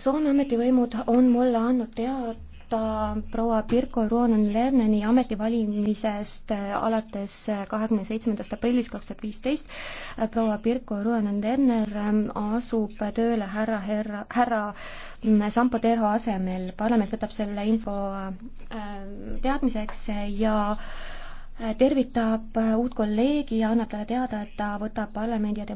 Soome ametivõimud on mulle andnud teada proua Pirko Ruonen-Lerneni ametivalimisest äh, alates äh, kahekümne seitsmendast aprillist kaks tuhat viisteist. Äh, proua Pirko Ruonen-Lerner ähm, asub tööle härra, härra, härra mm, Sampo Terho asemel. parlament võtab selle info ähm, teadmiseks ja tervitab uut kolleegi ja annab talle teada, et ta võtab parlamendi ja